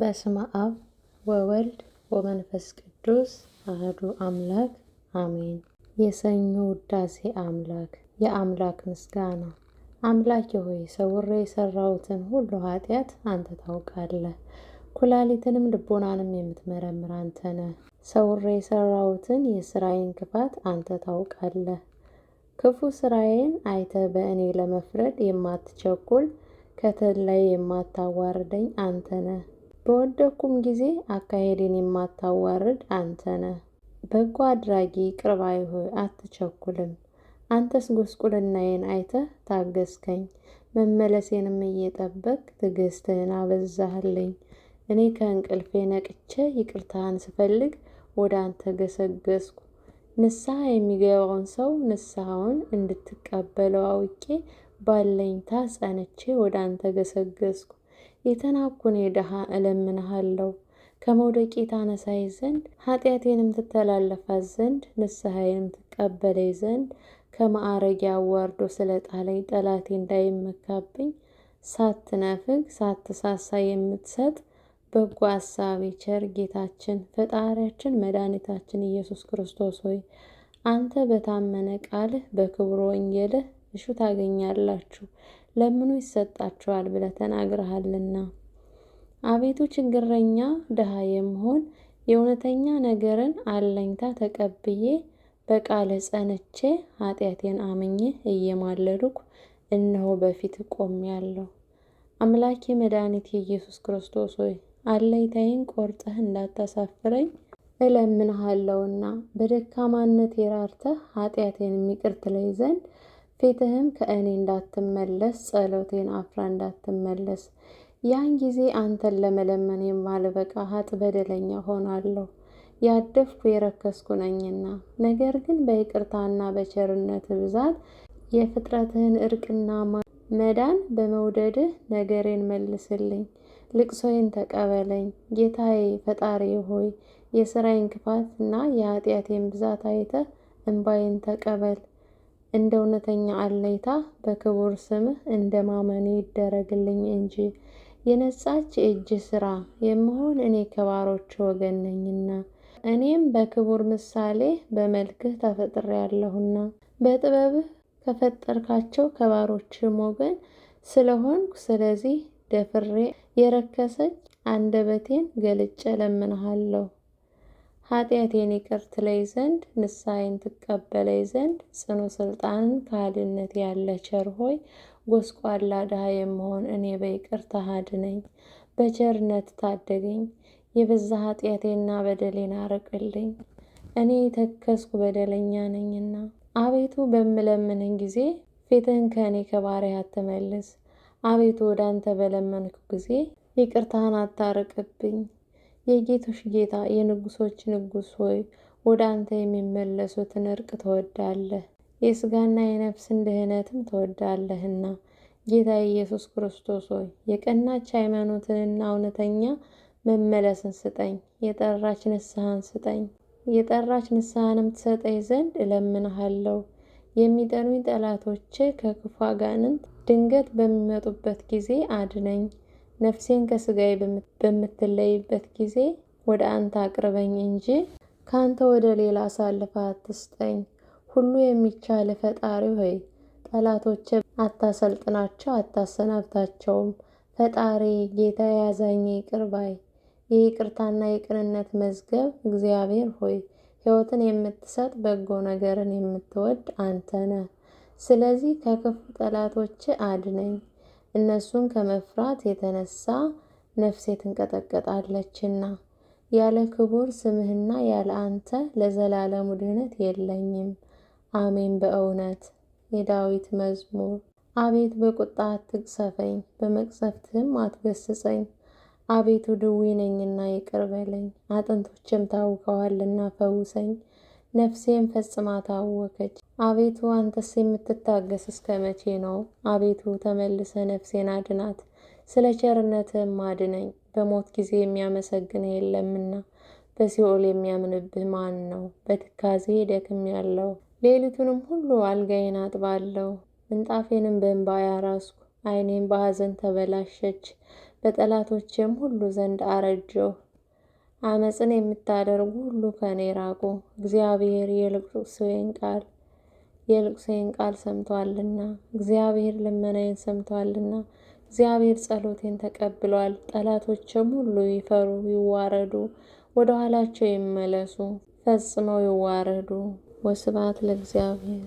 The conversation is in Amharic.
በስመ አብ ወወልድ ወመንፈስ ቅዱስ አህዱ አምላክ አሜን። የሰኞ ውዳሴ አምላክ የአምላክ ምስጋና አምላኬ ሆይ ሰውሬ የሰራሁትን ሁሉ ኃጢአት አንተ ታውቃለህ። ኩላሊትንም ልቦናንም የምትመረምር አንተ ነህ። ሰውሬ የሰራሁትን የስራዬን ክፋት አንተ ታውቃለህ። ክፉ ስራዬን አይተህ በእኔ ለመፍረድ የማትቸኩል ከተላይ የማታዋርደኝ አንተ ነህ። በወደኩም ጊዜ አካሄድን የማታዋርድ አንተ ነህ። በጎ አድራጊ ቅርባይ ሆይ አትቸኩልም። አንተስ ጉስቁልናዬን አይተህ ታገስከኝ፣ መመለሴንም እየጠበቅ ትዕግስትህን አበዛህልኝ። እኔ ከእንቅልፌ ነቅቼ ይቅርታህን ስፈልግ ወደ አንተ ገሰገስኩ። ንስሐ የሚገባውን ሰው ንስሐውን እንድትቀበለው አውቄ ባለኝታ ጸንቼ ወደ አንተ ገሰገስኩ። የተናኩኔ ድሃ እለምንሃለሁ ከመውደቂ ታነሳይ ዘንድ ኃጢአቴንም ትተላለፋት ዘንድ ንስሐዬንም ትቀበለይ ዘንድ ከማዕረጌ ስለ ጣለኝ ጠላቴ እንዳይመካብኝ ሳትነፍግ ሳትሳሳ የምትሰጥ በጎ አሳቢ ቸር ጌታችን ፈጣሪያችን መድኃኒታችን ኢየሱስ ክርስቶስ ሆይ አንተ በታመነ ቃልህ በክብር ወንጌልህ እሹ ታገኛላችሁ። ለምኑ ይሰጣቸዋል ብለህ ተናግረሃልና። አቤቱ ችግረኛ ድሃ የምሆን የእውነተኛ ነገርን አለኝታ ተቀብዬ በቃለ ጸንቼ ኃጢአቴን አምኜ እየማለድኩ እነሆ በፊት ቆሜያለሁ። አምላኬ መድኃኒቴ ኢየሱስ ክርስቶስ ሆይ አለኝታዬን ቆርጠህ እንዳታሳፍረኝ እለምንሃለውና በደካማነት የራርተህ ኃጢአቴን የሚቅርት ላይ ዘንድ ፊትህም ከእኔ እንዳትመለስ፣ ጸሎቴን አፍራ እንዳትመለስ። ያን ጊዜ አንተን ለመለመን የማልበቃ ኃጥ በደለኛ ሆናለሁ ያደፍኩ የረከስኩ ነኝና። ነገር ግን በይቅርታና በቸርነት ብዛት የፍጥረትህን እርቅና መዳን በመውደድህ ነገሬን መልስልኝ፣ ልቅሶዬን ተቀበለኝ። ጌታዬ ፈጣሪ ሆይ የሥራዬን ክፋትና የኃጢአቴን ብዛት አይተህ እንባዬን ተቀበል። እንደ እውነተኛ አለይታ በክቡር ስምህ እንደ ማመኔ ይደረግልኝ እንጂ የነጻች የእጅ ስራ የምሆን እኔ ከባሮች ወገን ነኝና እኔም በክቡር ምሳሌ በመልክህ ተፈጥሬያለሁና በጥበብህ ከፈጠርካቸው ከባሮችም ወገን ስለሆንኩ ስለዚህ ደፍሬ የረከሰች አንደበቴን ገልጬ እለምንሃለሁ። ኃጢአቴን ይቅር ትለይ ዘንድ ንሳይን ትቀበለይ ዘንድ ጽኑ ስልጣንን ከሃድነት ያለ ቸር ሆይ ጎስቋላ ድሃ የመሆን እኔ በይቅርታህ አድነኝ፣ በቸርነት ታደገኝ። የበዛ ኃጢአቴና በደሌን አርቅልኝ፣ እኔ የተከስኩ በደለኛ ነኝና። አቤቱ በምለምንህ ጊዜ ፊትህን ከእኔ ከባሪያህ አትመልስ። አቤቱ ወደ አንተ በለመንኩ ጊዜ ይቅርታህን አታርቅብኝ። የጌቶች ጌታ የንጉሶች ንጉስ ሆይ ወደ አንተ የሚመለሱትን እርቅ ትወዳለህ፣ የስጋና የነፍስን ድህነትም ትወዳለህና። ጌታ ኢየሱስ ክርስቶስ ሆይ የቀናች ሃይማኖትንና እውነተኛ መመለስን ስጠኝ፣ የጠራች ንስሐን ስጠኝ። የጠራች ንስሐንም ትሰጠኝ ዘንድ እለምንሃለሁ። የሚጠሉኝ ጠላቶቼ ከክፉ አጋንንት ድንገት በሚመጡበት ጊዜ አድነኝ። ነፍሴን ከስጋዬ በምትለይበት ጊዜ ወደ አንተ አቅርበኝ እንጂ ከአንተ ወደ ሌላ አሳልፋ አትስጠኝ። ሁሉ የሚቻል ፈጣሪ ሆይ ጠላቶቼ አታሰልጥናቸው፣ አታሰናብታቸውም። ፈጣሪ ጌታ ያዛኝ ይቅር ባይ የይቅርታና የቅንነት መዝገብ እግዚአብሔር ሆይ ሕይወትን የምትሰጥ በጎ ነገርን የምትወድ አንተ ነህ። ስለዚህ ከክፉ ጠላቶች አድነኝ። እነሱን ከመፍራት የተነሳ ነፍሴ ትንቀጠቀጣለችና። ያለ ክቡር ስምህና ያለ አንተ ለዘላለሙ ድህነት የለኝም። አሜን። በእውነት የዳዊት መዝሙር። አቤት በቁጣ አትቅሰፈኝ፣ በመቅሰፍትህም አትገስጸኝ። አቤቱ ድዊ ነኝና ይቅር በለኝ፣ አጥንቶችም ታውከዋልና ፈውሰኝ። ነፍሴም ፈጽማ ታወከች። አቤቱ አንተስ የምትታገስ እስከ መቼ ነው? አቤቱ ተመልሰ ነፍሴን አድናት፣ ስለ ቸርነትህም አድነኝ። በሞት ጊዜ የሚያመሰግን የለምና በሲኦል የሚያምንብህ ማን ነው? በትካዜ ደክም ያለው ሌሊቱንም ሁሉ አልጋዬን አጥባለሁ፣ ምንጣፌንም በእንባ ያራስኩ፣ ዓይኔም በሐዘን ተበላሸች፣ በጠላቶቼም ሁሉ ዘንድ አረጀሁ። አመፅን የምታደርጉ ሁሉ ከኔ ራቁ። እግዚአብሔር የልቅሶዬን ቃል የልቅሶዬን ቃል ሰምቷልና፣ እግዚአብሔር ልመናዬን ሰምተዋልና እግዚአብሔር ጸሎቴን ተቀብሏል። ጠላቶችም ሁሉ ይፈሩ ይዋረዱ፣ ወደ ኋላቸው ይመለሱ ፈጽመው ይዋረዱ። ወስብሐት ለእግዚአብሔር።